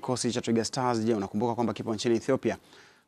kikosi cha Twiga Stars. Je, unakumbuka kwamba kipo nchini Ethiopia?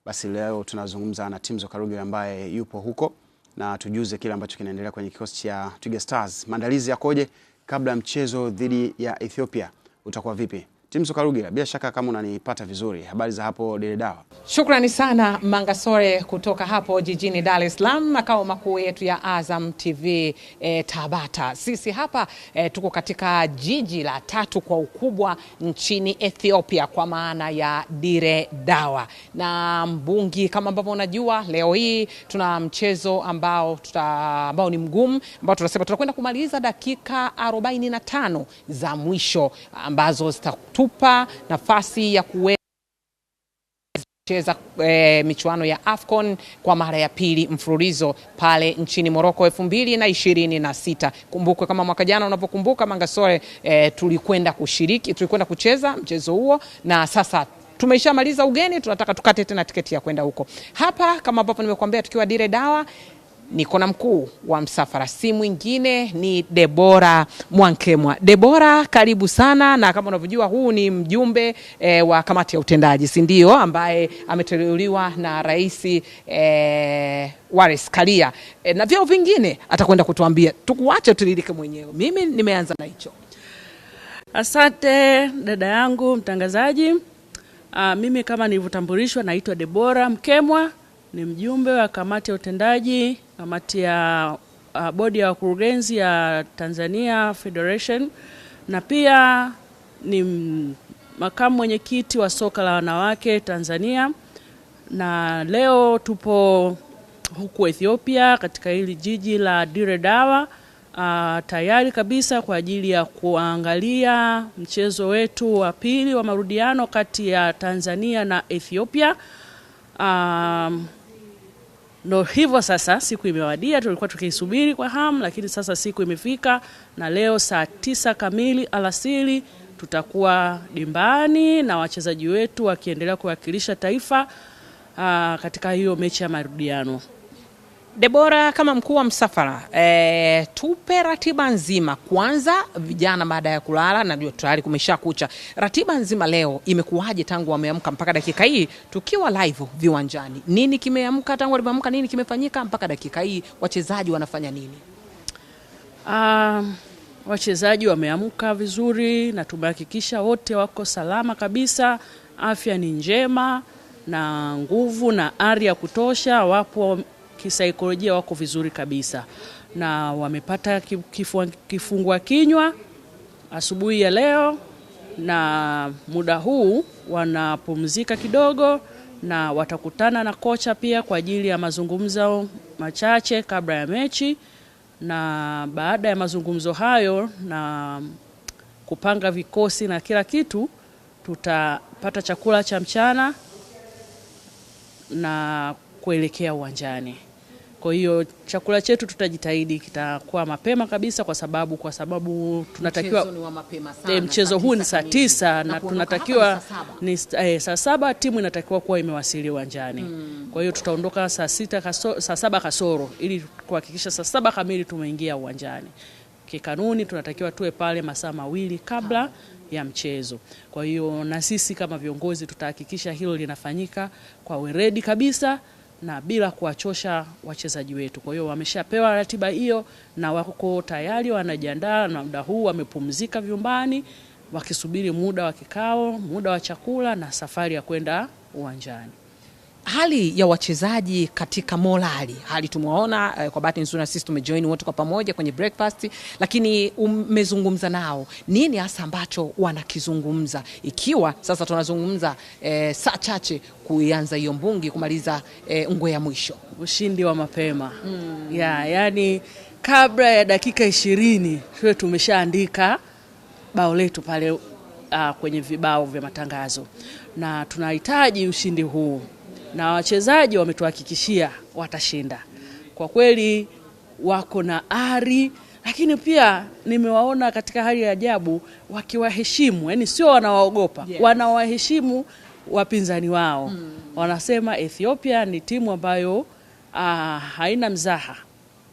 Basi leo tunazungumza na Timzo Karuge ambaye yupo huko na tujuze kile ambacho kinaendelea kwenye kikosi cha Twiga Stars. Maandalizi yakoje kabla ya mchezo dhidi ya Ethiopia, utakuwa vipi? Timso Karugira, bila shaka kama unanipata vizuri, habari za hapo Dele Dawa. Shukrani sana Mangasore kutoka hapo jijini Dar es Salaam, makao makuu yetu ya Azam TV e, eh, Tabata. Sisi hapa e, tuko katika jiji la tatu kwa ukubwa nchini Ethiopia kwa maana ya Dire Dawa na Mbungi. Kama ambavyo unajua, leo hii tuna mchezo ambao, tuta, ambao ni mgumu ambao tunasema tunakwenda kumaliza dakika 45 za mwisho ambazo zita inatupa nafasi ya kuwe cheza e, eh, michuano ya AFCON kwa mara ya pili mfululizo pale nchini Morocco elfu mbili na ishirini na sita. Kumbukwe kama mwaka jana unapokumbuka Mangasore e, tulikwenda kushiriki, tulikwenda kucheza mchezo huo na sasa tumeshamaliza ugeni, tunataka tukate tena tiketi ya kwenda huko. Hapa kama ambavyo nimekuambia, tukiwa Dire Dawa Niko na mkuu wa msafara, si mwingine ni Debora Mwankemwa. Debora, karibu sana, na kama unavyojua huu ni mjumbe e, wa kamati ya utendaji, si ndio, ambaye ameteuliwa na rais e, Wallace Karia e, na vyeo vingine atakwenda kutuambia. Tukuache utiririke mwenyewe, mimi nimeanza na hicho. Asante dada yangu mtangazaji. Aa, ah, mimi kama nilivyotambulishwa naitwa Debora Mkemwa ni mjumbe wa kamati ya utendaji, kamati ya uh, bodi ya wakurugenzi ya Tanzania Federation na pia ni makamu mwenyekiti wa soka la wanawake Tanzania, na leo tupo huku Ethiopia katika hili jiji la Dire Dawa uh, tayari kabisa kwa ajili ya kuangalia mchezo wetu wa pili wa marudiano kati ya Tanzania na Ethiopia. Um, ndo hivyo sasa, siku imewadia, tulikuwa tukisubiri kwa hamu, lakini sasa siku imefika, na leo saa tisa kamili alasiri tutakuwa dimbani na wachezaji wetu wakiendelea kuwakilisha taifa uh, katika hiyo mechi ya marudiano. Debora, kama mkuu wa msafara e, tupe ratiba nzima kwanza, vijana baada ya kulala, najua tayari kumesha kucha. Ratiba nzima leo imekuwaje tangu wameamka mpaka dakika hii tukiwa live viwanjani? Nini kimeamka tangu walivyoamka, nini kimefanyika mpaka dakika hii? Wachezaji wanafanya nini? Um, wachezaji wameamka vizuri na tumehakikisha wote wako salama kabisa, afya ni njema na nguvu na ari ya kutosha, wapo kisaikolojia wako vizuri kabisa, na wamepata kifua, kifungua kinywa asubuhi ya leo, na muda huu wanapumzika kidogo na watakutana na kocha pia kwa ajili ya mazungumzo machache kabla ya mechi, na baada ya mazungumzo hayo na kupanga vikosi na kila kitu, tutapata chakula cha mchana na kuelekea uwanjani. Kwa hiyo chakula chetu tutajitahidi kitakuwa mapema kabisa, kwa sababu kwa sababu tunatakiwa mchezo, eh, mchezo huu ni saa tisa na, na tunatakiwa ni eh, saa saba timu inatakiwa kuwa imewasili uwanjani mm. Kwa hiyo tutaondoka saa sita kasoro, saa saba kasoro ili kuhakikisha saa saba kamili tumeingia uwanjani. Kikanuni tunatakiwa tuwe pale masaa mawili kabla ha ya mchezo. Kwa hiyo na sisi kama viongozi tutahakikisha hilo linafanyika kwa weredi kabisa na bila kuwachosha wachezaji wetu. Kwa hiyo wameshapewa ratiba hiyo na wako tayari wanajiandaa, na muda huu wamepumzika vyumbani wakisubiri muda wa kikao, muda wa chakula na safari ya kwenda uwanjani hali ya wachezaji katika morali, hali tumewaona eh, kwa bahati nzuri na sisi tumejoin wote kwa pamoja kwenye breakfast, lakini umezungumza nao nini hasa ambacho wanakizungumza, ikiwa sasa tunazungumza eh, saa chache kuianza hiyo mbungi kumaliza eh, ngwe ya mwisho, ushindi wa mapema mm. ya, yani kabla ya dakika ishirini tuwe tumeshaandika bao letu pale uh, kwenye vibao vya matangazo na tunahitaji ushindi huu na wachezaji wametuhakikishia watashinda. Kwa kweli wako na ari, lakini pia nimewaona katika hali ya ajabu wakiwaheshimu, yani sio wanawaogopa, yes. Wanawaheshimu wapinzani wao mm. Wanasema Ethiopia ni timu ambayo ah, haina mzaha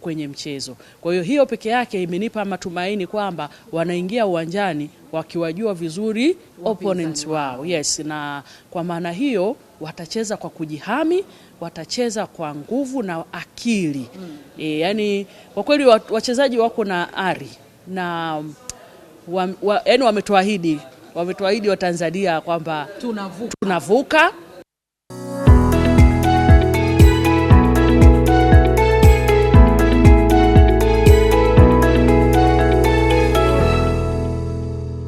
kwenye mchezo. Kwa hiyo hiyo peke yake imenipa matumaini kwamba wanaingia uwanjani wakiwajua vizuri opponent wao. Yes, na kwa maana hiyo watacheza kwa kujihami, watacheza kwa nguvu na akili mm. E, yani kwa kweli wachezaji wako na ari na wa, wa, yani wametuahidi wametuahidi Watanzania kwamba tunavuka, tunavuka